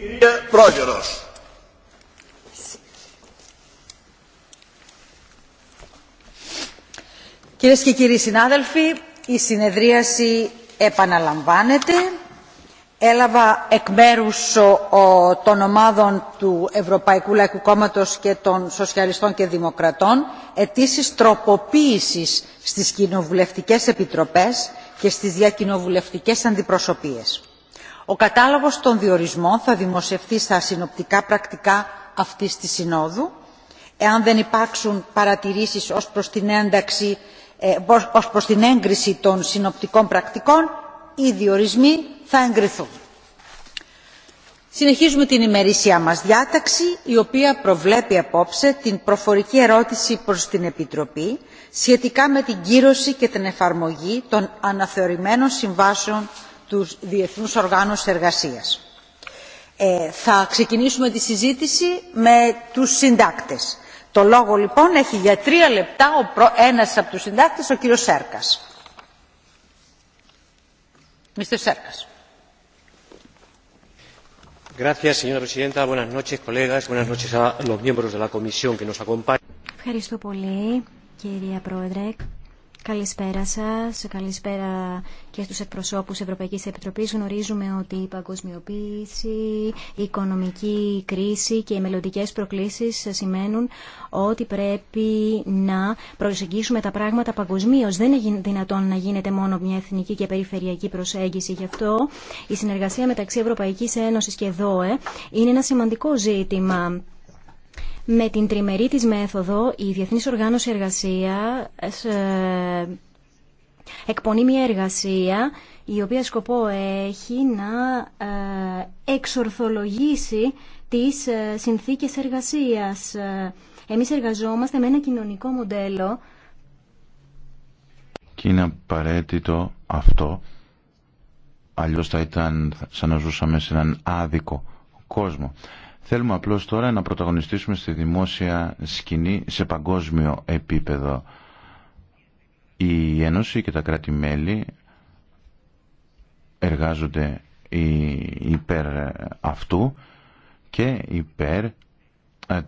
Κυρία Πρόεδρος. Κυρίες και κύριοι συνάδελφοι, η συνεδρίαση επαναλαμβάνεται. Έλαβα εκ μέρου των ομάδων του Ευρωπαϊκού Λαϊκού Κόμματος και των Σοσιαλιστών και Δημοκρατών αιτήσει τροποποίησης στις κοινοβουλευτικές επιτροπές και στις διακοινοβουλευτικές αντιπροσωπείες ο κατάλογος των διορισμών θα δημοσιευθεί στα συνοπτικά πρακτικά αυτής της Συνόδου. Εάν δεν υπάρξουν παρατηρήσεις ως προς την, ε, ως προς την έγκριση των συνοπτικών πρακτικών, οι διορισμοί θα εγκριθούν. Συνεχίζουμε την ημερήσια μας διάταξη, η οποία προβλέπει απόψε την προφορική ερώτηση προς την Επιτροπή σχετικά με την κύρωση και την εφαρμογή των αναθεωρημένων συμβάσεων τους διεθνούς οργάνους εργασίας. Ε, θα ξεκινήσουμε τη συζήτηση με τους συντάκτες. Το λόγο λοιπόν έχει για τρία λεπτά ο προ... ένας από τους συντάκτες, ο κύριος Σέρκας. Mr. Σέρκας. Gracias, señora presidenta. Buenas noches, colegas. Buenas noches a los miembros de la comisión que nos acompañan. Ευχαριστώ πολύ, κυρία Πρόεδρε. Καλησπέρα σας, καλησπέρα και στους εκπροσώπους Ευρωπαϊκής Επιτροπής. Γνωρίζουμε ότι η παγκοσμιοποίηση, η οικονομική κρίση και οι μελλοντικέ προκλήσεις σημαίνουν ότι πρέπει να προσεγγίσουμε τα πράγματα παγκοσμίω. Δεν είναι δυνατόν να γίνεται μόνο μια εθνική και περιφερειακή προσέγγιση. Γι' αυτό η συνεργασία μεταξύ Ευρωπαϊκής Ένωσης και ΔΟΕ είναι ένα σημαντικό ζήτημα με την τριμερή της μέθοδο, η Διεθνής Οργάνωση Εργασία ε, εκπονεί μια εργασία η οποία σκοπό έχει να ε, εξορθολογήσει τις ε, συνθήκες εργασίας. Εμείς εργαζόμαστε με ένα κοινωνικό μοντέλο και είναι απαραίτητο αυτό αλλιώς θα ήταν σαν να ζούσαμε σε έναν άδικο κόσμο. Θέλουμε απλώς τώρα να πρωταγωνιστήσουμε στη δημόσια σκηνή σε παγκόσμιο επίπεδο. Η Ένωση και τα κράτη-μέλη εργάζονται υπέρ αυτού και υπέρ ε,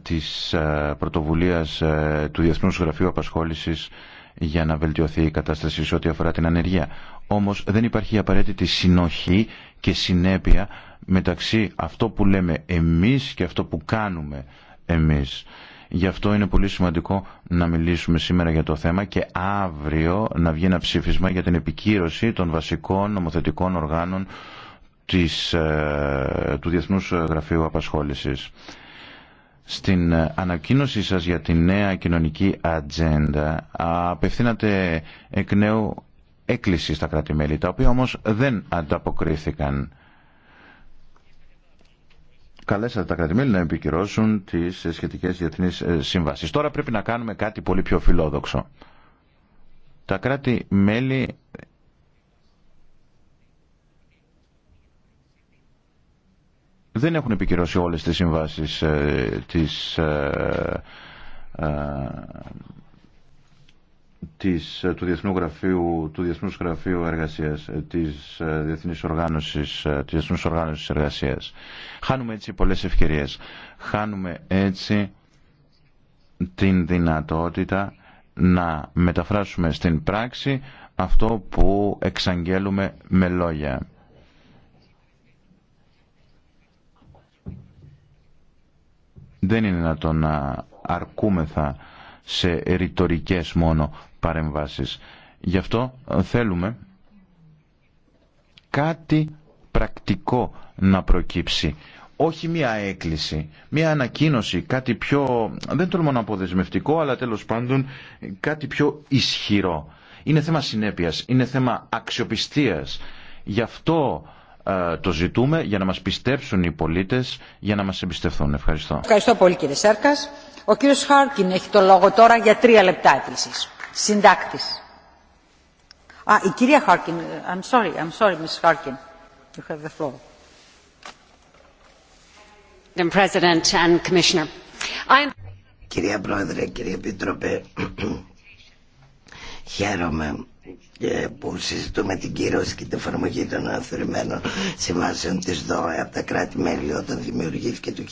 της ε, πρωτοβουλίας ε, του Διεθνούς Γραφείου Απασχόλησης για να βελτιωθεί η κατάσταση σε ό,τι αφορά την ανεργία. Όμως δεν υπάρχει απαραίτητη συνοχή και συνέπεια μεταξύ αυτό που λέμε εμείς και αυτό που κάνουμε εμείς. Γι' αυτό είναι πολύ σημαντικό να μιλήσουμε σήμερα για το θέμα και αύριο να βγει ένα ψήφισμα για την επικύρωση των βασικών νομοθετικών οργάνων της, ε, του Διεθνούς Γραφείου Απασχόλησης. Στην ανακοίνωσή σας για τη νέα κοινωνική ατζέντα απευθύνατε εκ νέου έκκληση στα κρατη τα οποία όμως δεν ανταποκρίθηκαν καλέσατε τα κρατημέλη να επικυρώσουν τις σχετικές διεθνεί ε, συμβάσει. Τώρα πρέπει να κάνουμε κάτι πολύ πιο φιλόδοξο. Τα κράτη-μέλη ε, δεν έχουν επικυρώσει όλες τις συμβάσεις ε, της της, ε, του, Διεθνού Γραφείου, του Διεθνούς Γραφείου Εργασίας, ε, της ε, Διεθνής Οργάνωσης, της Οργάνωσης Εργασίας. Χάνουμε έτσι πολλές ευκαιρίες. Χάνουμε έτσι την δυνατότητα να μεταφράσουμε στην πράξη αυτό που εξαγγέλουμε με λόγια. Δεν είναι το να αρκούμεθα σε ρητορικές μόνο παρεμβάσεις. Γι' αυτό ε, θέλουμε κάτι πρακτικό να προκύψει. Όχι μία έκκληση, μία ανακοίνωση, κάτι πιο, δεν τολμώ να πω αλλά τέλος πάντων κάτι πιο ισχυρό. Είναι θέμα συνέπειας, είναι θέμα αξιοπιστίας. Γι' αυτό ε, το ζητούμε, για να μας πιστέψουν οι πολίτες, για να μας εμπιστευθούν. Ευχαριστώ. Ευχαριστώ πολύ κύριε Σέρκας. Ο κύριος Χάρκιν έχει το λόγο τώρα για τρία λεπτά έκκλησης συντάκτης. Α, η κυρία Χάρκιν, I'm sorry, I'm sorry, Ms. Χάρκιν. You have the floor. Madam President Κυρία Πρόεδρε, κύριε Επίτροπε, χαίρομαι που συζητούμε την κύρωση και την εφαρμογή των αναθεωρημένων συμβάσεων της ΔΟΕ από τα κράτη-μέλη όταν δημιουργήθηκε το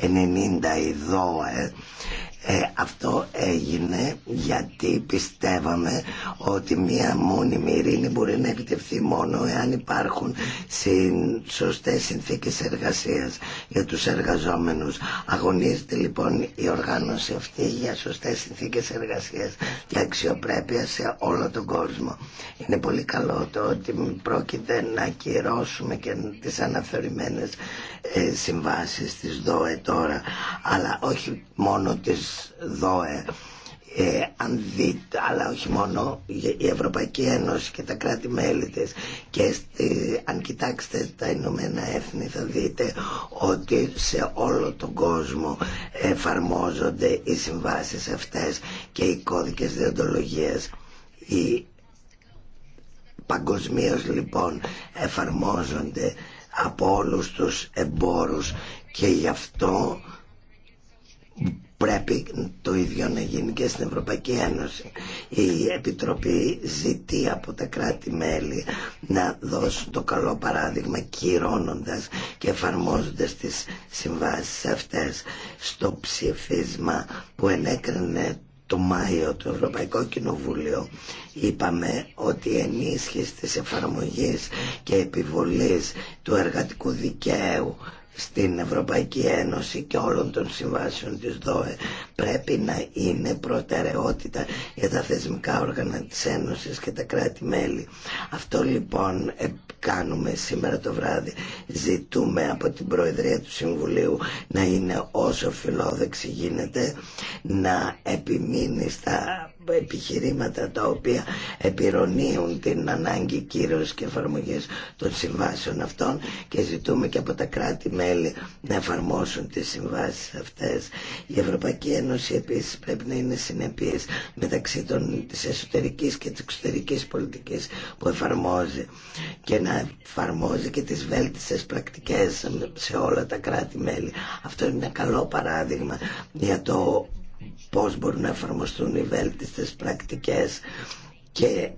1990 η ΔΟΕ ε, αυτό έγινε γιατί πιστεύαμε ότι μία μόνιμη ειρήνη μπορεί να επιτευχθεί μόνο εάν υπάρχουν συν, σωστές συνθήκες εργασίας για τους εργαζόμενους. Αγωνίζεται λοιπόν η οργάνωση αυτή για σωστές συνθήκες εργασίας και αξιοπρέπεια σε όλο τον κόσμο. Είναι πολύ καλό το ότι πρόκειται να ακυρώσουμε και τις αναθεωρημένες ε, συμβάσεις της ΔΟΕ τώρα, αλλά όχι μόνο τις της ΔΟΕ. Ε, αν δείτε, αλλά όχι μόνο η Ευρωπαϊκή Ένωση και τα κράτη-μέλη της και αν κοιτάξετε τα Ηνωμένα Έθνη θα δείτε ότι σε όλο τον κόσμο εφαρμόζονται οι συμβάσεις αυτές και οι κώδικες διοντολογίας οι παγκοσμίως λοιπόν εφαρμόζονται από όλους τους εμπόρους και γι' αυτό πρέπει το ίδιο να γίνει και στην Ευρωπαϊκή Ένωση. Η Επιτροπή ζητεί από τα κράτη-μέλη να δώσουν το καλό παράδειγμα κυρώνοντας και εφαρμόζοντας τις συμβάσεις αυτές στο ψηφίσμα που ενέκρινε το Μάιο του Ευρωπαϊκό Κοινοβούλιο είπαμε ότι η ενίσχυση της εφαρμογής και επιβολής του εργατικού δικαίου στην Ευρωπαϊκή Ένωση και όλων των συμβάσεων της ΔΟΕ πρέπει να είναι προτεραιότητα για τα θεσμικά όργανα της Ένωσης και τα κράτη-μέλη. Αυτό λοιπόν ε, κάνουμε σήμερα το βράδυ. Ζητούμε από την Προεδρία του Συμβουλίου να είναι όσο φιλόδεξη γίνεται να επιμείνει στα επιχειρήματα τα οποία επιρρονίουν την ανάγκη κύρωσης και εφαρμογή των συμβάσεων αυτών και ζητούμε και από τα κράτη-μέλη να εφαρμόσουν τις συμβάσεις αυτές. Η Ευρωπαϊκή Ένωση επίσης πρέπει να είναι συνεπής μεταξύ των, της εσωτερικής και της εξωτερικής πολιτικής που εφαρμόζει και να εφαρμόζει και τις βέλτιστες πρακτικές σε όλα τα κράτη-μέλη. Αυτό είναι ένα καλό παράδειγμα για το πώς μπορούν να εφαρμοστούν οι βέλτιστες πρακτικές και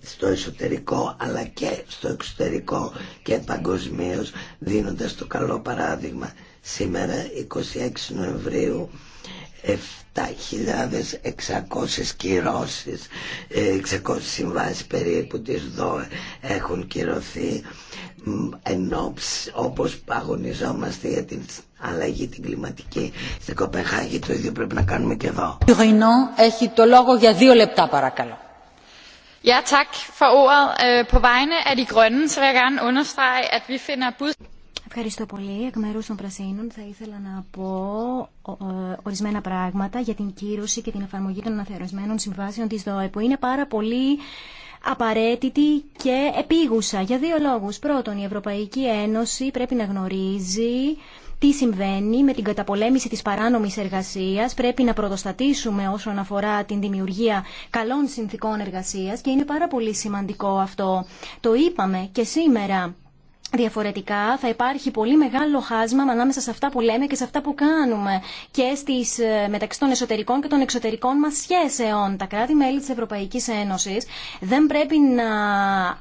στο εσωτερικό αλλά και στο εξωτερικό και παγκοσμίω δίνοντας το καλό παράδειγμα σήμερα 26 Νοεμβρίου 7.600 κυρώσεις 600 ε, συμβάσεις περίπου της ΔΟΕ έχουν κυρωθεί ενώ όπως αγωνιζόμαστε για την αλλαγή την κλιματική στην Κοπεχάγη το ίδιο πρέπει να κάνουμε και εδώ. Ρινό έχει το λόγο για δύο λεπτά παρακαλώ. Ja, tak for ordet. Øh, på vegne af de grønne, så vil jeg gerne understrege, at vi finder bud... Ευχαριστώ πολύ. Εκ μέρου των Πρασίνων θα ήθελα να πω ε, ορισμένα πράγματα για την κύρωση και την εφαρμογή των αναθεωρησμένων συμβάσεων τη ΔΟΕ, που είναι πάρα πολύ απαραίτητη και επίγουσα για δύο λόγους. Πρώτον, η Ευρωπαϊκή Ένωση πρέπει να γνωρίζει τι συμβαίνει με την καταπολέμηση της παράνομης εργασίας. Πρέπει να πρωτοστατήσουμε όσον αφορά την δημιουργία καλών συνθήκων εργασίας και είναι πάρα πολύ σημαντικό αυτό. Το είπαμε και σήμερα Διαφορετικά θα υπάρχει πολύ μεγάλο χάσμα ανάμεσα σε αυτά που λέμε και σε αυτά που κάνουμε και στις, ε, μεταξύ των εσωτερικών και των εξωτερικών μας σχέσεων. Τα κράτη-μέλη της Ευρωπαϊκής Ένωσης δεν πρέπει να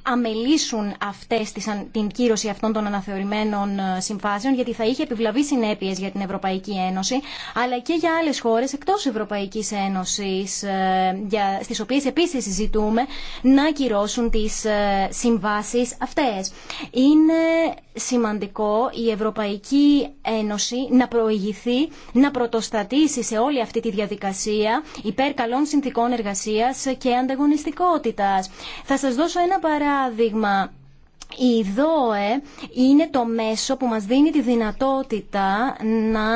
αμελήσουν αυτές τις, την κύρωση αυτών των αναθεωρημένων ε, συμφάσεων γιατί θα είχε επιβλαβεί συνέπειες για την Ευρωπαϊκή Ένωση αλλά και για άλλες χώρες εκτός Ευρωπαϊκής Ένωσης ε, για, στις οποίες επίσης συζητούμε να κυρώσουν τις συμβάσεις αυτές. Είναι είναι σημαντικό η Ευρωπαϊκή Ένωση να προηγηθεί, να πρωτοστατήσει σε όλη αυτή τη διαδικασία υπέρ καλών συνθήκων εργασίας και ανταγωνιστικότητας. Θα σας δώσω ένα παράδειγμα. Η ΔΟΕ είναι το μέσο που μας δίνει τη δυνατότητα να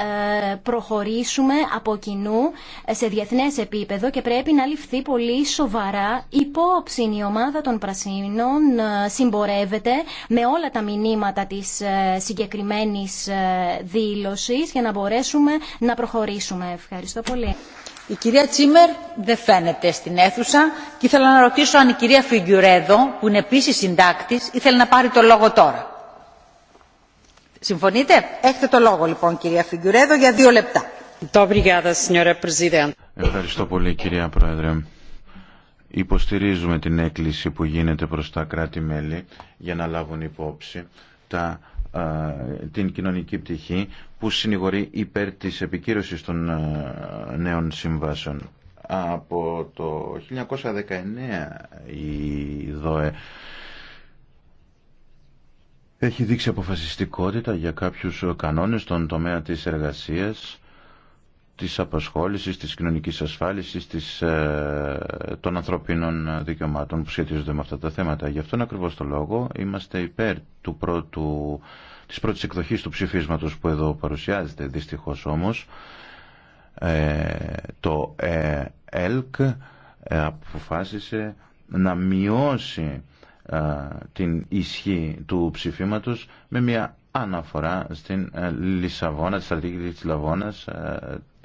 ε, προχωρήσουμε από κοινού ε, σε διεθνές επίπεδο και πρέπει να ληφθεί πολύ σοβαρά υπόψη η ομάδα των Πρασίνων ε, συμπορεύεται με όλα τα μηνύματα της συγκεκριμένης δήλωσης για να μπορέσουμε να προχωρήσουμε. Ευχαριστώ πολύ. Η κυρία Τσίμερ δεν φαίνεται στην αίθουσα και ήθελα να ρωτήσω αν η κυρία Φιγκιουρέδο, που είναι επίσης συντάκτης, ήθελε να πάρει το λόγο τώρα. Συμφωνείτε. Έχετε το λόγο λοιπόν κυρία Φιγκουρέδο για δύο λεπτά. Ευχαριστώ πολύ κυρία Πρόεδρε. Υποστηρίζουμε την έκκληση που γίνεται προς τα κράτη-μέλη για να λάβουν υπόψη την κοινωνική πτυχή που συνηγορεί υπέρ της επικύρωσης των νέων συμβάσεων. Από το 1919 η ΔΟΕ έχει δείξει αποφασιστικότητα για κάποιους ε, κανόνες στον τομέα της εργασίας, της απασχόλησης, της κοινωνικής ασφάλισης, της, ε, των ανθρωπίνων δικαιωμάτων που σχετίζονται με αυτά τα θέματα. Γι' αυτόν ακριβώς το λόγο είμαστε υπέρ του πρώτου, της πρώτης εκδοχής του ψηφίσματος που εδώ παρουσιάζεται. Δυστυχώς όμως ε, το ΕΛΚ αποφάσισε να μειώσει την ισχύ του ψηφίματος με μια αναφορά στην Λισαβόνα, τη στρατηγική της Λισαβόνας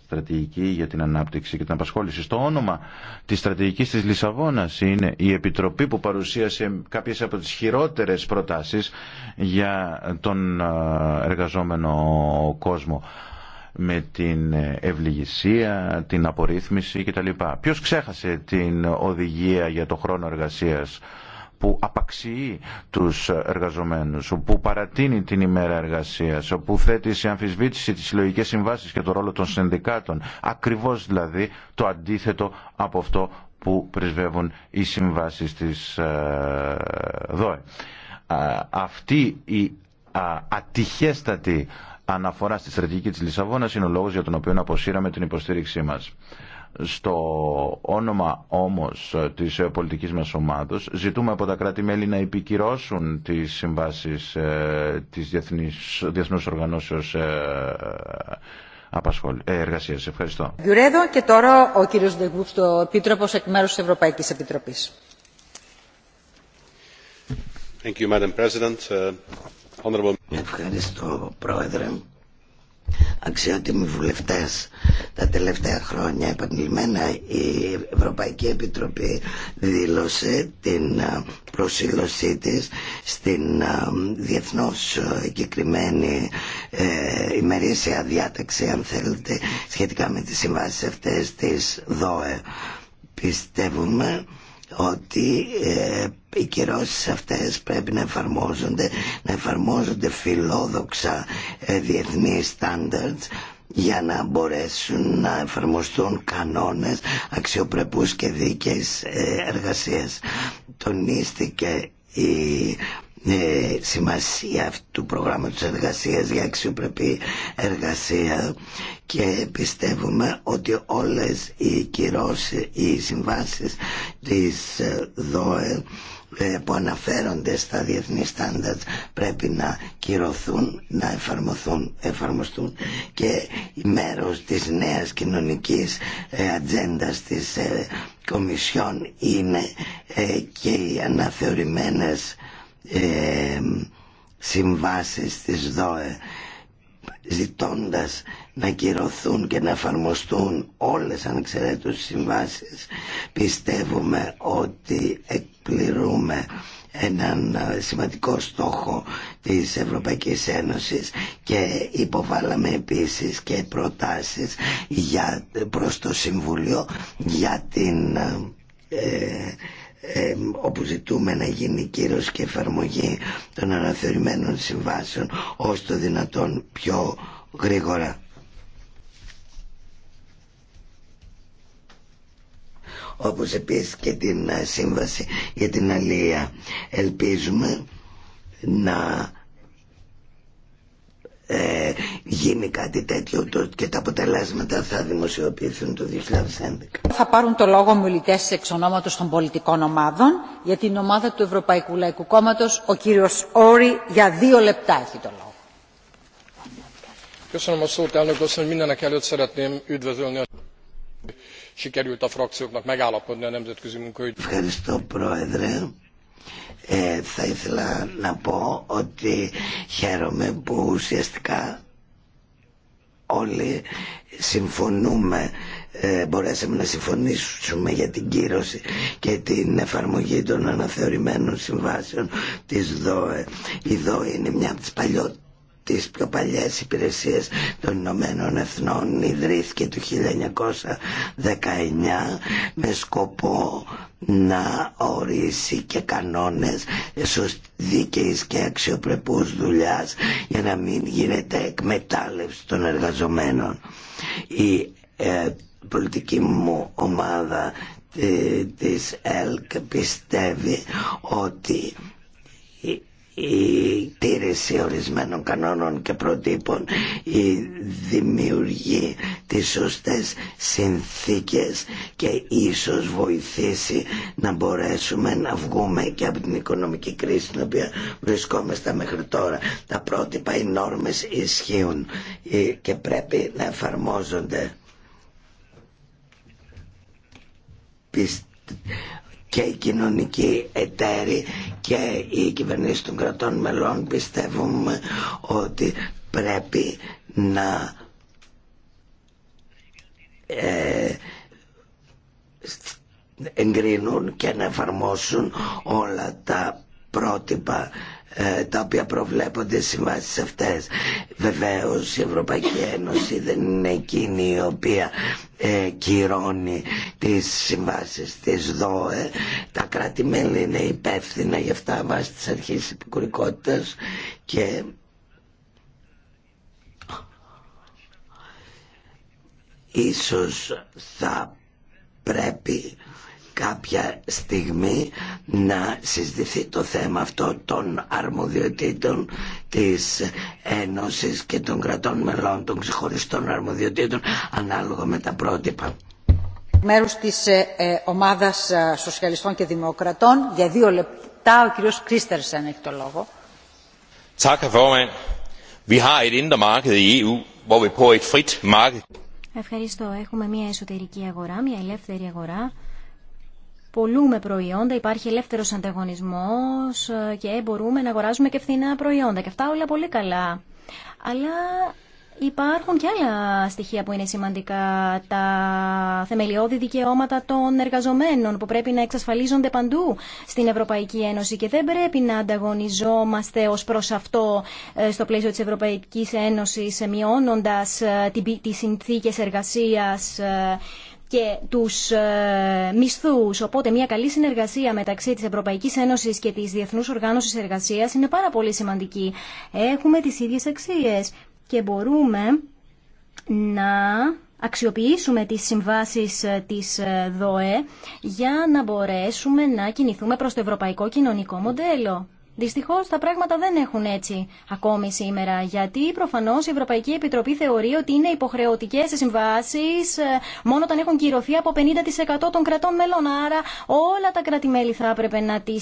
στρατηγική για την ανάπτυξη και την απασχόληση. Στο όνομα της στρατηγικής της Λισαβόνας είναι η Επιτροπή που παρουσίασε κάποιες από τις χειρότερες προτάσεις για τον εργαζόμενο κόσμο με την ευληγησία, την απορρίθμιση κτλ. Ποιος ξέχασε την οδηγία για το χρόνο εργασίας που απαξιεί τους εργαζομένους, που παρατείνει την ημέρα εργασίας, που θέτει σε αμφισβήτηση τις συλλογικές συμβάσεις και το ρόλο των συνδικάτων. Ακριβώς δηλαδή το αντίθετο από αυτό που πρεσβεύουν οι συμβάσεις της ε, ΔΟΕ. Αυτή η ατυχέστατη αναφορά στη στρατηγική της Λισαβόνας είναι ο λόγος για τον οποίο αποσύραμε την υποστήριξή μας. Στο όνομα όμως της πολιτικής μας ομάδος ζητούμε από τα κράτη-μέλη να επικυρώσουν τις συμβάσεις ε, της Διεθνής, Διεθνούς Οργανώσεως ε, ε, Εργασίας. Ευχαριστώ. Γιουρέδο και τώρα ο κύριος Δεγκούφτο, επίτροπος εκ μέρους της Ευρωπαϊκής Επιτροπής. Ευχαριστώ, Πρόεδρε. Αξιότιμοι βουλευτές, τα τελευταία χρόνια επανειλημμένα η Ευρωπαϊκή Επιτροπή δήλωσε την ε, προσήλωσή της στην ε, διεθνώς εγκεκριμένη ε, ημερήσια διάταξη, αν θέλετε, σχετικά με τις συμβάσεις αυτές της ΔΟΕ. Πιστεύουμε ότι ε, οι κυρώσεις αυτές πρέπει να εφαρμόζονται, να εφαρμόζονται φιλόδοξα ε, standards για να μπορέσουν να εφαρμοστούν κανόνες αξιοπρεπούς και δίκαιες ε, εργασίες. Τονίστηκε η ε, σημασία αυτού του προγράμματος εργασίας για αξιοπρεπή εργασία και πιστεύουμε ότι όλες οι κυρώσεις, οι συμβάσεις της ε, ΔΟΕ ε, που αναφέρονται στα διεθνή στάνταρτ πρέπει να κυρωθούν, να εφαρμοθούν, εφαρμοστούν και μέρος της νέας κοινωνικής ε, ατζέντα της ε, Κομισιόν είναι και οι αναθεωρημένες ε, συμβάσεις της ΔΟΕ ζητώντας να κυρωθούν και να εφαρμοστούν όλες ανεξαιρέτως συμβάσεις πιστεύουμε ότι εκπληρούμε έναν ε, σημαντικό στόχο της Ευρωπαϊκής Ένωσης και υποβάλαμε επίσης και προτάσεις για, προς το Συμβούλιο για την ε, ε, όπου ζητούμε να γίνει κύρος και εφαρμογή των αναθεωρημένων συμβάσεων ως το δυνατόν πιο γρήγορα. όπως επίσης και την ε, σύμβαση για την αλία. Ελπίζουμε να ε, γίνει κάτι τέτοιο το, και τα αποτελέσματα θα δημοσιοποιηθούν το 2011. Θα πάρουν το λόγο μιλητέ εξ ονόματος των πολιτικών ομάδων για την ομάδα του Ευρωπαϊκού Λαϊκού Κόμματο, ο κύριος Όρη για δύο λεπτά έχει το λόγο. Köszönöm a szót, elnök asszony. Mindenek előtt szeretném üdvözölni a sikerült a frakcióknak megállapodni a nemzetközi munkaügyi. Ευχαριστώ, Πρόεδρε. Ε, θα ήθελα να πω ότι χαίρομαι που ουσιαστικά όλοι συμφωνούμε ε, μπορέσαμε να συμφωνήσουμε για την κύρωση και την εφαρμογή των αναθεωρημένων συμβάσεων της ΔΟΕ. Η ΔΟΕ είναι μια από τις παλιότερες τις πιο παλιές υπηρεσίες των Ηνωμένων Εθνών ιδρύθηκε το 1919 με σκοπό να ορίσει και κανόνες δίκαιης και αξιοπρεπούς δουλειάς για να μην γίνεται εκμετάλλευση των εργαζομένων. Η ε, πολιτική μου ομάδα ε, της ΕΛΚ πιστεύει ότι η τήρηση ορισμένων κανόνων και προτύπων η δημιουργεί τις σωστές συνθήκες και ίσως βοηθήσει να μπορέσουμε να βγούμε και από την οικονομική κρίση στην οποία βρισκόμαστε μέχρι τώρα τα πρότυπα, οι νόρμες ισχύουν και πρέπει να εφαρμόζονται και οι κοινωνικοί εταίροι και οι κυβερνήσει των κρατών μελών πιστεύουμε ότι πρέπει να ε, εγκρίνουν και να εφαρμόσουν όλα τα πρότυπα ε, τα οποία προβλέπονται στις συμβάσεις αυτές. Βεβαίως η Ευρωπαϊκή Ένωση δεν είναι εκείνη η οποία ε, κυρώνει τις συμβάσεις της ΔΟΕ. Τα κράτη-μέλη είναι υπεύθυνα γι' αυτά βάσει της αρχής επικουρικότητας και ίσως θα πρέπει κάποια στιγμή να συζητηθεί το θέμα αυτό των αρμοδιοτήτων της Ένωσης και των κρατών μελών των ξεχωριστών αρμοδιοτήτων ανάλογα με τα πρότυπα. Μέρος της ε, ε, ομάδας ε, Σοσιαλιστών και Δημοκρατών για δύο λεπτά ο κύριος Κρίστερσεν έχει το λόγο. Ευχαριστώ. Έχουμε μια εσωτερική αγορά, μια ελεύθερη αγορά πολλούμε προϊόντα, υπάρχει ελεύθερος ανταγωνισμός ε, και μπορούμε να αγοράζουμε και φθηνά προϊόντα. Και αυτά όλα πολύ καλά. Αλλά υπάρχουν και άλλα στοιχεία που είναι σημαντικά. Τα θεμελιώδη δικαιώματα των εργαζομένων που πρέπει να εξασφαλίζονται παντού στην Ευρωπαϊκή Ένωση και δεν πρέπει να ανταγωνιζόμαστε ως προς αυτό ε, στο πλαίσιο της Ευρωπαϊκής Ένωσης ε, μειώνοντας τις συνθήκες εργασίας και τους ε, μισθούς. Οπότε μια καλή συνεργασία μεταξύ της Ευρωπαϊκής Ένωσης και της Διεθνούς Οργάνωσης Εργασίας είναι πάρα πολύ σημαντική. Έχουμε τις ίδιες αξίες και μπορούμε να αξιοποιήσουμε τις συμβάσεις ε, της ε, ΔΟΕ για να μπορέσουμε να κινηθούμε προς το ευρωπαϊκό κοινωνικό μοντέλο. Δυστυχώ τα πράγματα δεν έχουν έτσι ακόμη σήμερα, γιατί προφανώ η Ευρωπαϊκή Επιτροπή θεωρεί ότι είναι υποχρεωτικέ οι συμβάσει ε, μόνο όταν έχουν κυρωθεί από 50% των κρατών μελών. Άρα όλα τα κράτη-μέλη θα έπρεπε να τι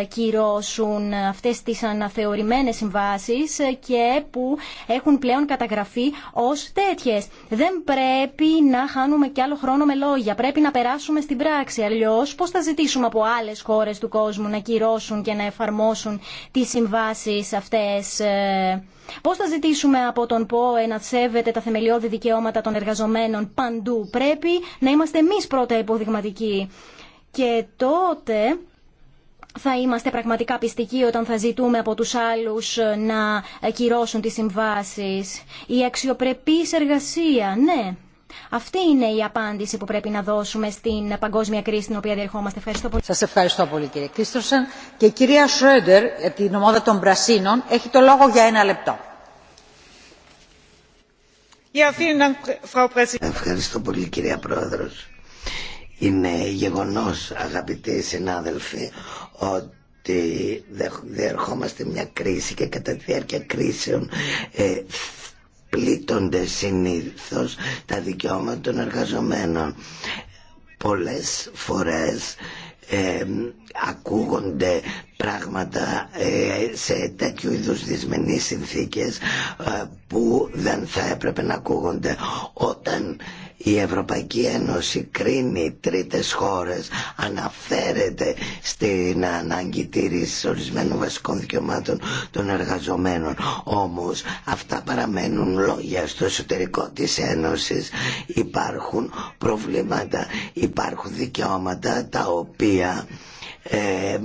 ε, κυρώσουν αυτέ τι αναθεωρημένε συμβάσει ε, και που έχουν πλέον καταγραφεί ω τέτοιε. Δεν πρέπει να χάνουμε κι άλλο χρόνο με λόγια. Πρέπει να περάσουμε στην πράξη. Αλλιώ πώ θα ζητήσουμε από άλλε χώρε του κόσμου να κυρώσουν και να εφαρμόσουν τι τις συμβάσεις αυτές. Ε, πώς θα ζητήσουμε από τον ΠΟΕ να σέβεται τα θεμελιώδη δικαιώματα των εργαζομένων παντού. Πρέπει να είμαστε εμεί πρώτα υποδειγματικοί. Και τότε θα είμαστε πραγματικά πιστικοί όταν θα ζητούμε από τους άλλους ε, να κυρώσουν τις συμβάσεις. Η αξιοπρεπής εργασία, ναι. Αυτή είναι η απάντηση που πρέπει να δώσουμε στην παγκόσμια κρίση στην οποία διερχόμαστε. Ευχαριστώ πολύ. Σας ευχαριστώ πολύ κύριε Κρίστορσεν. Και η κυρία Σρέντερ, την ομάδα των Πρασίνων, έχει το λόγο για ένα λεπτό. Ευχαριστώ πολύ κυρία Πρόεδρος. Είναι γεγονός αγαπητοί συνάδελφοι ότι ότι διερχόμαστε μια κρίση και κατά τη διάρκεια κρίσεων ε, πλήττονται συνήθως τα δικαιώματα των εργαζομένων. Πολλές φορές ακούγονται πράγματα ε, σε τέτοιου είδους δυσμενείς συνθήκες ε, που δεν θα έπρεπε να ακούγονται όταν η Ευρωπαϊκή Ένωση κρίνει τρίτες χώρες, αναφέρεται στην ανάγκη τήρηση ορισμένων βασικών δικαιωμάτων των εργαζομένων. Όμως αυτά παραμένουν λόγια στο εσωτερικό της Ένωσης. Υπάρχουν προβλήματα, υπάρχουν δικαιώματα τα οποία... Ε,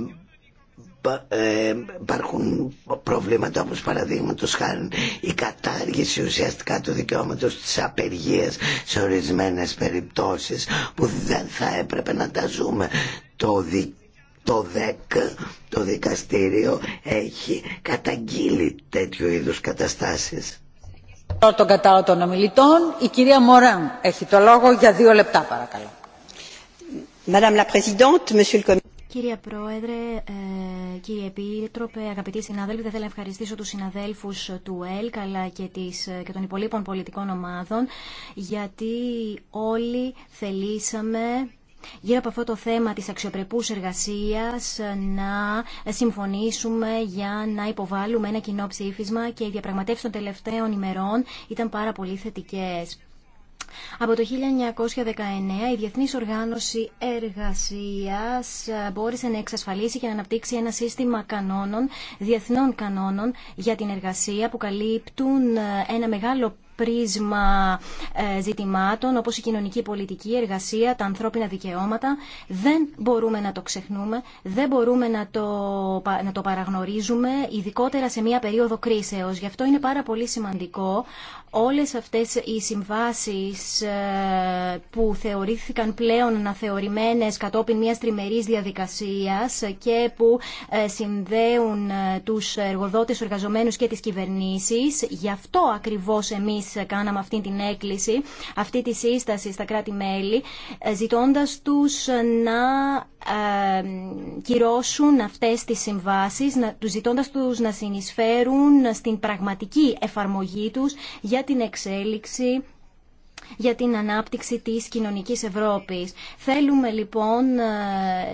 ε, υπάρχουν προβλήματα όπως παραδείγματο χάρη η κατάργηση ουσιαστικά του δικαιώματος της απεργίας σε ορισμένες περιπτώσεις που δεν θα έπρεπε να τα ζούμε το, δι, το ΔΕΚ το δικαστήριο έχει καταγγείλει τέτοιου είδους καταστάσεις κατάλογο των ομιλητών η κυρία έχει το λόγο για δύο λεπτά παρακαλώ Madame Κύριε Πρόεδρε, ε, κύριε Επίτροπε, αγαπητοί συνάδελφοι, θα ήθελα να ευχαριστήσω τους συναδέλφους του ΕΛΚ αλλά και, της, ε, και των υπολείπων πολιτικών ομάδων γιατί όλοι θελήσαμε γύρω από αυτό το θέμα της αξιοπρεπούς εργασίας να συμφωνήσουμε για να υποβάλουμε ένα κοινό ψήφισμα και οι διαπραγματεύσεις των τελευταίων ημερών ήταν πάρα πολύ θετικές. Από το 1919 η Διεθνής Οργάνωση Εργασίας μπόρεσε να εξασφαλίσει και να αναπτύξει ένα σύστημα κανόνων, διεθνών κανόνων για την εργασία που καλύπτουν ε, ένα μεγάλο πρίσμα ε, ζητημάτων όπως η κοινωνική πολιτική, η εργασία, τα ανθρώπινα δικαιώματα. Δεν μπορούμε να το ξεχνούμε, δεν μπορούμε να το, να το παραγνωρίζουμε, ειδικότερα σε μια περίοδο κρίσεως. Γι' αυτό είναι πάρα πολύ σημαντικό όλες αυτές οι συμβάσεις ε, που θεωρήθηκαν πλέον αναθεωρημένες κατόπιν μιας τριμερής διαδικασίας και που ε, συνδέουν ε, τους εργοδότες, τους και τις κυβερνήσεις. Γι' αυτό ακριβώς εμείς κάναμε αυτή την έκκληση, αυτή τη σύσταση στα κράτη-μέλη, ζητώντας τους να κυρώσουν αυτές τις συμβάσεις, ζητώντας τους να συνεισφέρουν στην πραγματική εφαρμογή τους για την εξέλιξη για την ανάπτυξη της κοινωνικής Ευρώπης. Θέλουμε λοιπόν ε,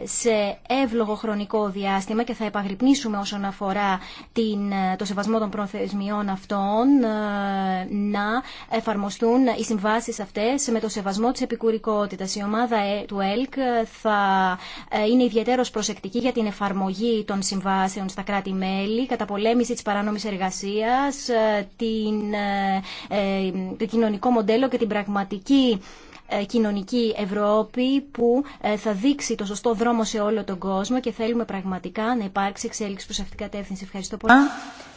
σε εύλογο χρονικό διάστημα και θα επαγρυπνήσουμε όσον αφορά την, ε, το σεβασμό των προθεσμιών αυτών ε, να εφαρμοστούν οι συμβάσεις αυτές με το σεβασμό της επικουρικότητας. Η ομάδα του ΕΛΚ θα είναι ιδιαίτερος προσεκτική για την εφαρμογή των συμβάσεων στα κράτη-μέλη, κατα της παράνομης εργασίας, την, το κοινωνικό μοντέλο και την πρακτική πραγματική ε, κοινωνική Ευρώπη που ε, θα δείξει το σωστό δρόμο σε όλο τον κόσμο και θέλουμε πραγματικά να υπάρξει εξέλιξη προς αυτήν την κατεύθυνση. Ευχαριστώ πολύ.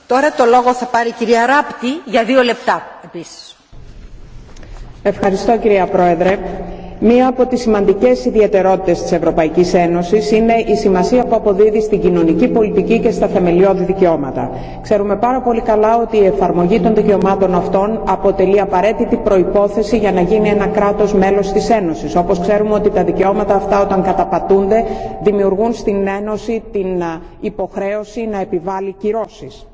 Τώρα το λόγο θα πάρει η κυρία Ράπτη για δύο λεπτά επίσης. Ευχαριστώ κυρία Πρόεδρε. Μία από τις σημαντικές ιδιαιτερότητες της Ευρωπαϊκής Ένωσης είναι η σημασία που αποδίδει στην κοινωνική πολιτική και στα θεμελιώδη δικαιώματα. Ξέρουμε πάρα πολύ καλά ότι η εφαρμογή των δικαιωμάτων αυτών αποτελεί απαραίτητη προϋπόθεση για να γίνει ένα κράτος μέλος της Ένωσης. Όπως ξέρουμε ότι τα δικαιώματα αυτά όταν καταπατούνται δημιουργούν στην Ένωση την υποχρέωση να επιβάλλει κυρώσεις.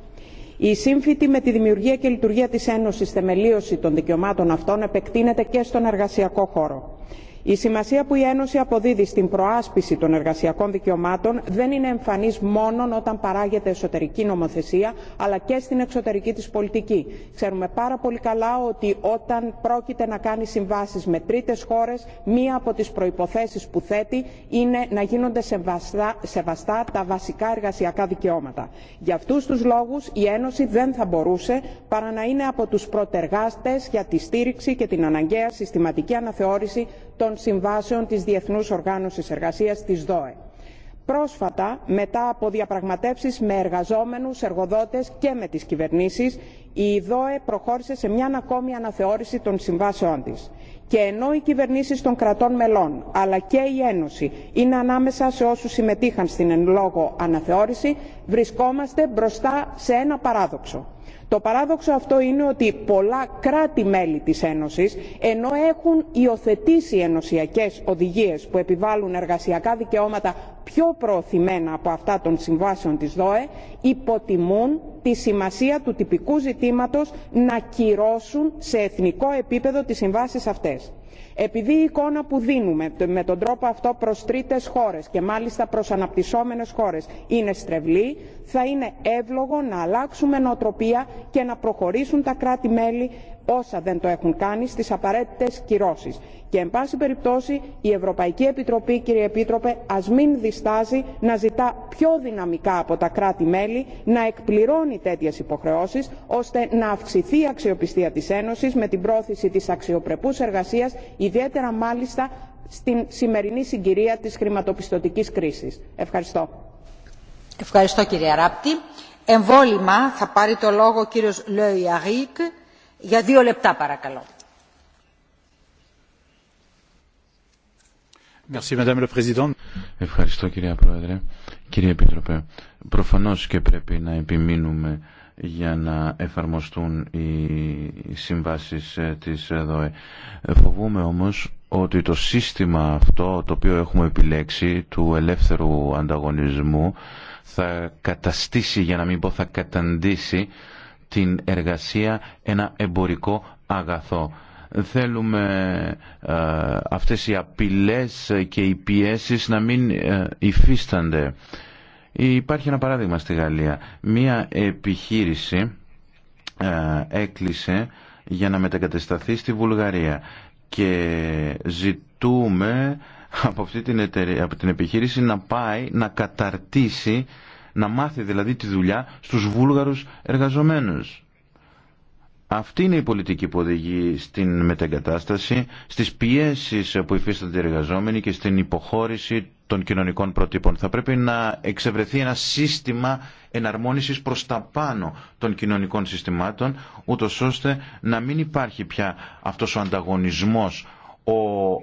Η σύμφυτη με τη δημιουργία και λειτουργία της Ένωσης θεμελίωση των δικαιωμάτων αυτών επεκτείνεται και στον εργασιακό χώρο. Η σημασία που η Ένωση αποδίδει στην προάσπιση των εργασιακών δικαιωμάτων δεν είναι εμφανή μόνο όταν παράγεται εσωτερική νομοθεσία, αλλά και στην εξωτερική τη πολιτική. Ξέρουμε πάρα πολύ καλά ότι όταν πρόκειται να κάνει συμβάσει με τρίτε χώρε, μία από τι προποθέσει που θέτει είναι να γίνονται σεβαστά, τα βασικά εργασιακά δικαιώματα. Για αυτού του λόγου, η Ένωση δεν θα μπορούσε παρά να είναι από του προτεργάστε για τη στήριξη και την αναγκαία συστηματική αναθεώρηση των συμβάσεων της Διεθνούς Οργάνωσης Εργασίας της ΔΟΕ. Πρόσφατα, μετά από διαπραγματεύσεις με εργαζόμενους, εργοδότες και με τις κυβερνήσεις, η ΔΟΕ προχώρησε σε μια ακόμη αναθεώρηση των συμβάσεών της. Και ενώ οι κυβερνήσεις των κρατών μελών, αλλά και η Ένωση, είναι ανάμεσα σε όσους συμμετείχαν στην εν λόγω αναθεώρηση, βρισκόμαστε μπροστά σε ένα παράδοξο το παράδοξο αυτό είναι ότι πολλά κράτη-μέλη της Ένωσης, ενώ έχουν υιοθετήσει ενωσιακές οδηγίες που επιβάλλουν εργασιακά δικαιώματα πιο προωθημένα από αυτά των συμβάσεων της ΔΟΕ, υποτιμούν τη σημασία του τυπικού ζητήματος να κυρώσουν σε εθνικό επίπεδο τις συμβάσεις αυτές. Επειδή η εικόνα που δίνουμε με τον τρόπο αυτό προς τρίτες χώρες και μάλιστα προς αναπτυσσόμενες χώρες είναι στρεβλή, θα είναι εύλογο να αλλάξουμε νοοτροπία και να προχωρήσουν τα κράτη-μέλη όσα δεν το έχουν κάνει στις απαραίτητες κυρώσεις. Και εν πάση περιπτώσει η Ευρωπαϊκή Επιτροπή, κύριε Επίτροπε, ας μην διστάζει να ζητά πιο δυναμικά από τα κράτη-μέλη να εκπληρώνει τέτοιες υποχρεώσεις, ώστε να αυξηθεί η αξιοπιστία της Ένωσης με την πρόθεση της αξιοπρεπούς εργασίας, ιδιαίτερα μάλιστα στην σημερινή συγκυρία της χρηματοπιστωτικής κρίσης. Ευχαριστώ. Ευχαριστώ κύριε Εμβόλυμα θα πάρει το λόγο ο κύριος Λεϊαρίκ για δύο λεπτά παρακαλώ. Ευχαριστώ κυρία Πρόεδρε. Κύριε Επίτροπε, προφανώς και πρέπει να επιμείνουμε για να εφαρμοστούν οι συμβάσεις ε, της ΔΟΕ. Φοβούμε όμως ότι το σύστημα αυτό το οποίο έχουμε επιλέξει του ελεύθερου ανταγωνισμού θα καταστήσει, για να μην πω θα καταντήσει, την εργασία ένα εμπορικό αγαθό. Θέλουμε ε, αυτές οι απειλές και οι πιέσεις να μην ε, υφίστανται. Υπάρχει ένα παράδειγμα στη Γαλλία. Μία επιχείρηση ε, έκλεισε για να μετακατεσταθεί στη Βουλγαρία και ζητούμε από αυτή την, από την επιχείρηση να πάει να καταρτήσει να μάθει δηλαδή τη δουλειά στους βούλγαρους εργαζομένους. Αυτή είναι η πολιτική που οδηγεί στην μεταγκατάσταση, στις πιέσεις που υφίστανται οι εργαζόμενοι και στην υποχώρηση των κοινωνικών προτύπων. Θα πρέπει να εξευρεθεί ένα σύστημα εναρμόνισης προς τα πάνω των κοινωνικών συστημάτων, ούτω ώστε να μην υπάρχει πια αυτός ο ανταγωνισμός, ο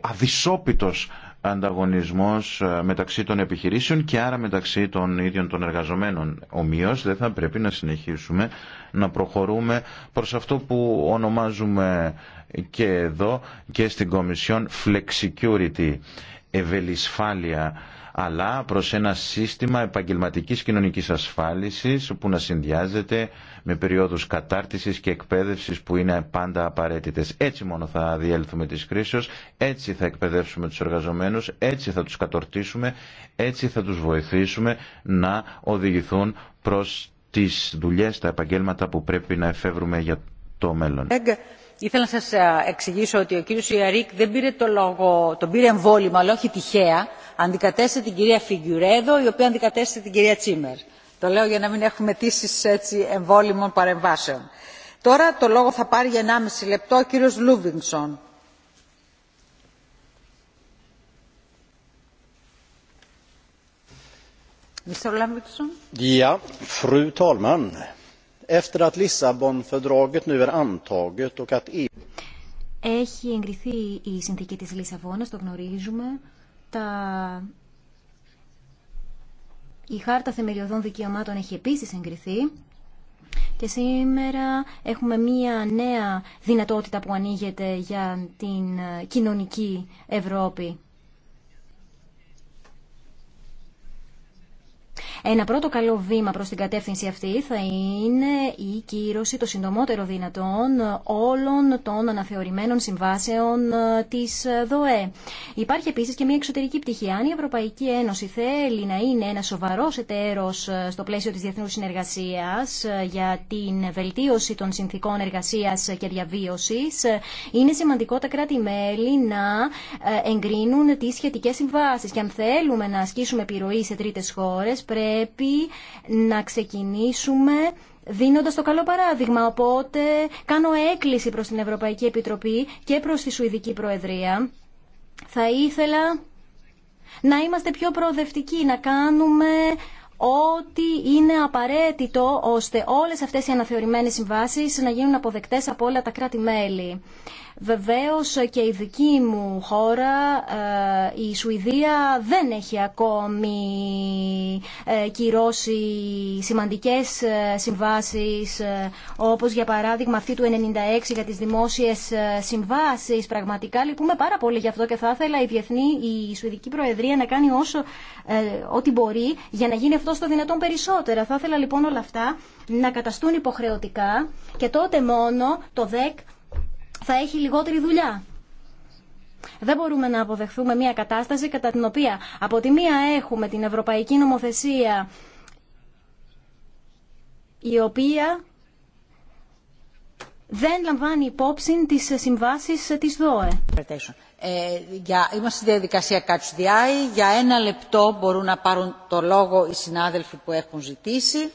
αδυσόπιτος ανταγωνισμός ε, μεταξύ των επιχειρήσεων και άρα μεταξύ των ίδιων των εργαζομένων. Ομοίως δεν θα πρέπει να συνεχίσουμε να προχωρούμε προς αυτό που ονομάζουμε και εδώ και στην Κομισιόν Flexicurity, ευελισφάλεια αλλά προς ένα σύστημα επαγγελματικής κοινωνικής ασφάλισης που να συνδυάζεται με περίοδους κατάρτισης και εκπαίδευσης που είναι πάντα απαραίτητες. Έτσι μόνο θα διέλθουμε τις κρίσεις, έτσι θα εκπαιδεύσουμε τους εργαζομένους, έτσι θα τους κατορτήσουμε, έτσι θα τους βοηθήσουμε να οδηγηθούν προς τις δουλειές, τα επαγγέλματα που πρέπει να εφεύρουμε για το μέλλον ήθελα να σας ε, εξηγήσω ότι ο κύριος Ιαρίκ δεν πήρε το λόγο, τον πήρε εμβόλυμα, αλλά όχι τυχαία. Αντικατέστησε την κυρία Φιγκιουρέδο, η οποία αντικατέστησε την κυρία Τσίμερ. Το λέω για να μην έχουμε τήσεις εμβόλυμων παρεμβάσεων. Τώρα το λόγο θα πάρει για 1,5 λεπτό ο κύριος Λούβινγκσον. Mr. Ja, fru talman. E έχει εγκριθεί η συνθήκη της Λισαβόνας, το γνωρίζουμε. Τα... Η Χάρτα Θεμελιωδών Δικαιωμάτων έχει επίσης εγκριθεί. Και σήμερα έχουμε μία νέα δυνατότητα που ανοίγεται για την ε, κοινωνική Ευρώπη. Ένα πρώτο καλό βήμα προς την κατεύθυνση αυτή θα είναι η κύρωση το συντομότερο δυνατόν όλων των αναθεωρημένων συμβάσεων ε, της ε, ΔΟΕ. Υπάρχει επίσης και μια εξωτερική πτυχή. Αν η Ευρωπαϊκή Ένωση θέλει να είναι ένα σοβαρό εταίρο ε, στο πλαίσιο της διεθνούς συνεργασίας για την βελτίωση των συνθήκων εργασίας και διαβίωσης, είναι σημαντικό τα κράτη-μέλη να εγκρίνουν τις σχετικές συμβάσεις. Και αν θέλουμε να ασκήσουμε επιρροή σε τρίτες χώρες, πρέπει να ξεκινήσουμε δίνοντας το καλό παράδειγμα. Οπότε κάνω έκκληση προς την Ευρωπαϊκή Επιτροπή και προς τη Σουηδική Προεδρία. Θα ήθελα να είμαστε πιο προοδευτικοί, να κάνουμε ό,τι είναι απαραίτητο ώστε όλες αυτές οι αναθεωρημένες συμβάσεις να γίνουν αποδεκτές από όλα τα κράτη-μέλη. Βεβαίως και η δική μου χώρα, ε, η Σουηδία, δεν έχει ακόμη ε, κυρώσει σημαντικές ε, συμβάσεις, όπως για παράδειγμα αυτή του 96 για τις δημόσιες συμβάσεις. Πραγματικά λυπούμε πάρα πολύ γι' αυτό και θα ήθελα η, Διεθνή, η Σουηδική Προεδρία να κάνει όσο ό,τι μπορεί για να γίνει αυτό στο δυνατόν περισσότερα. Θα ήθελα λοιπόν όλα αυτά να καταστούν υποχρεωτικά και τότε μόνο το ΔΕΚ θα έχει λιγότερη δουλειά. Δεν μπορούμε να αποδεχθούμε μια κατάσταση κατά την οποία από τη μία έχουμε την ευρωπαϊκή νομοθεσία η οποία δεν λαμβάνει υπόψη τις συμβάσεις της ΔΟΕ. Ε, για, είμαστε στη διαδικασία Catch the Eye. Για ένα λεπτό μπορούν να πάρουν το λόγο οι συνάδελφοι που έχουν ζητήσει.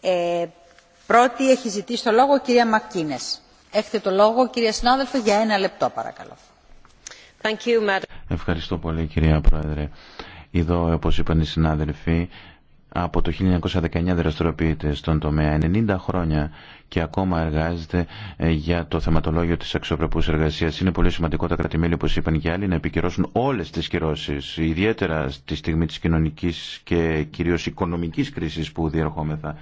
Ε, πρώτη έχει ζητήσει το λόγο η κυρία Μακκίνες. Έχετε το λόγο, κυρία συνάδελφε, για ένα λεπτό παρακαλώ. Ευχαριστώ πολύ, κυρία Πρόεδρε. Εδώ, όπως είπαν οι συνάδελφοι, από το 1919 δραστηριοποιείται στον τομέα 90 χρόνια και ακόμα εργάζεται ε, για το θεματολόγιο τη αξιοπρεπού εργασία. Είναι πολύ σημαντικό τα κρατημέλη, όπω είπαν και άλλοι, να επικυρώσουν όλε τι κυρώσει, ιδιαίτερα στη στιγμή τη κοινωνική και κυρίω οικονομική κρίση που διερχόμεθα.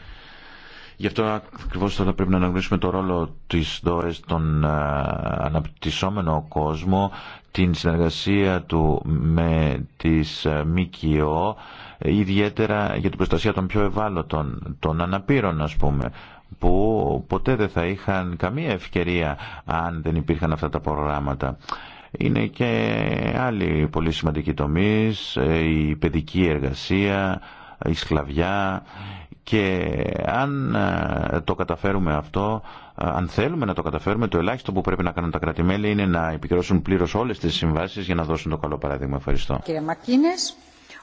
Γι' αυτό ακριβώ θα πρέπει να αναγνωρίσουμε το ρόλο της ΔΟΕ στον ε, αναπτυσσόμενο κόσμο, την συνεργασία του με τις ε, ΜΚΟ, ιδιαίτερα για την προστασία των πιο ευάλωτων, των αναπήρων α πούμε, που ποτέ δεν θα είχαν καμία ευκαιρία αν δεν υπήρχαν αυτά τα προγράμματα. Είναι και άλλοι πολύ σημαντικοί τομείς, ε, η παιδική εργασία, η σκλαβιά, και αν ε, το καταφέρουμε αυτό, ε, αν θέλουμε να το καταφέρουμε, το ελάχιστο που πρέπει να κάνουν τα κρατημέλη είναι να επικυρώσουν πλήρως όλες τις συμβάσεις για να δώσουν το καλό παράδειγμα. Ευχαριστώ. Κύριε Μακίνες,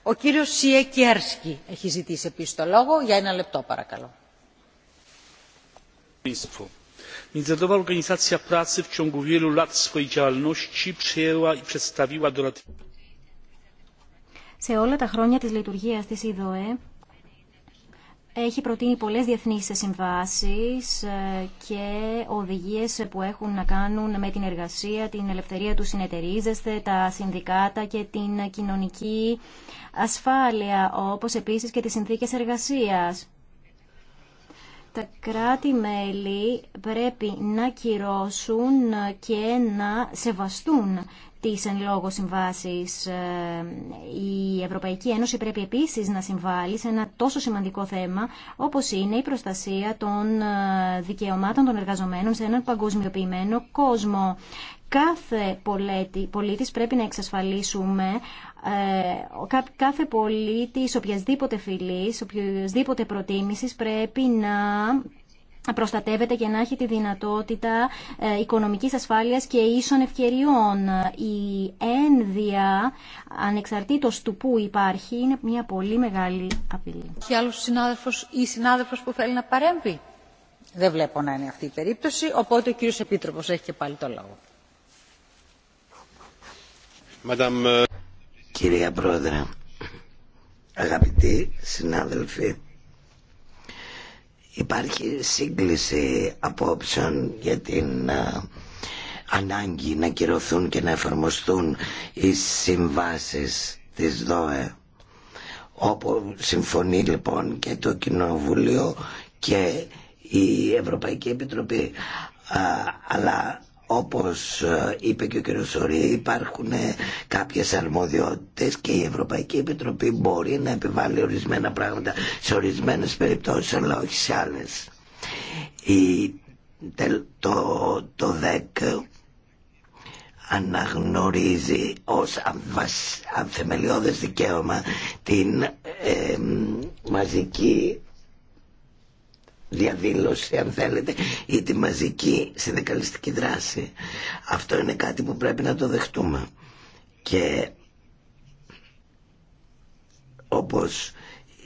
ο κύριος Σιεκέρσκι έχει ζητήσει επίσης το λόγο. Για ένα λεπτό παρακαλώ. Międzynarodowa Organizacja Pracy w ciągu wielu lat swojej działalności przyjęła i przedstawiła do Σε όλα τα χρόνια της λειτουργίας της ΙΔΟΕ έχει προτείνει πολλές διεθνείς συμβάσεις ε, και οδηγίες που έχουν να κάνουν με την εργασία, την ελευθερία του συνεταιρίζεσθε, τα συνδικάτα και την κοινωνική ασφάλεια, όπως επίσης και τις συνθήκες εργασίας. Τα κράτη-μέλη πρέπει να κυρώσουν και να σεβαστούν τις εν λόγω συμβάσεις. Ε, η Ευρωπαϊκή Ένωση πρέπει επίσης να συμβάλλει σε ένα τόσο σημαντικό θέμα όπως είναι η προστασία των ε, δικαιωμάτων των εργαζομένων σε έναν παγκοσμιοποιημένο κόσμο. Κάθε πολίτης πρέπει να εξασφαλίσουμε ε, κάθε πολίτης οποιασδήποτε φυλής, οποιασδήποτε προτίμησης πρέπει να προστατεύεται και να έχει τη δυνατότητα ε, οικονομικής ασφάλειας και ίσων ευκαιριών. Η ένδια, ανεξαρτήτως του που υπάρχει, είναι μια πολύ μεγάλη απειλή. Έχει άλλος συνάδελφος ή συνάδελφος Και παρέμβει. Δεν βλέπω να είναι αυτή η περίπτωση, οπότε ο κύριος Επίτροπος έχει και πάλι το λόγο. Ε, Κυρία Πρόεδρε, αγαπητοί συνάδελφοι, υπάρχει σύγκληση απόψεων για την ανάγκη να κυρωθούν και να εφαρμοστούν οι συμβάσεις της ΔΟΕ όπου συμφωνεί λοιπόν και το Κοινοβουλίο και η Ευρωπαϊκή Επιτροπή αλλά όπως ε, είπε και ο κ. Σωρή υπάρχουν ε, κάποιες αρμοδιότητες και η Ευρωπαϊκή Επιτροπή μπορεί να επιβάλλει ορισμένα πράγματα σε ορισμένες περιπτώσεις αλλά όχι σε άλλες. Η, το, το ΔΕΚ αναγνωρίζει ως ανθεμελιώδες δικαίωμα την ε, μαζική διαδήλωση αν θέλετε ή τη μαζική συνδικαλιστική δράση. Αυτό είναι κάτι που πρέπει να το δεχτούμε. Και όπως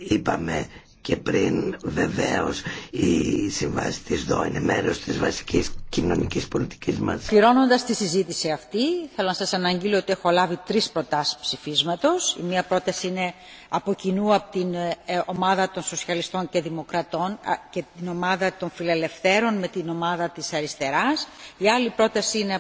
είπαμε και πριν βεβαίως η συμβάση της ΔΟ είναι μέρος της βασικής κοινωνικής πολιτικής μας. Κληρώνοντας τη συζήτηση αυτή θέλω να σας αναγγείλω ότι έχω λάβει τρεις προτάσεις ψηφίσματος. Η μία πρόταση είναι από κοινού από την ε, ομάδα των Σοσιαλιστών και Δημοκρατών και την ομάδα των Φιλελευθέρων με την ομάδα της Αριστεράς. Η άλλη πρόταση είναι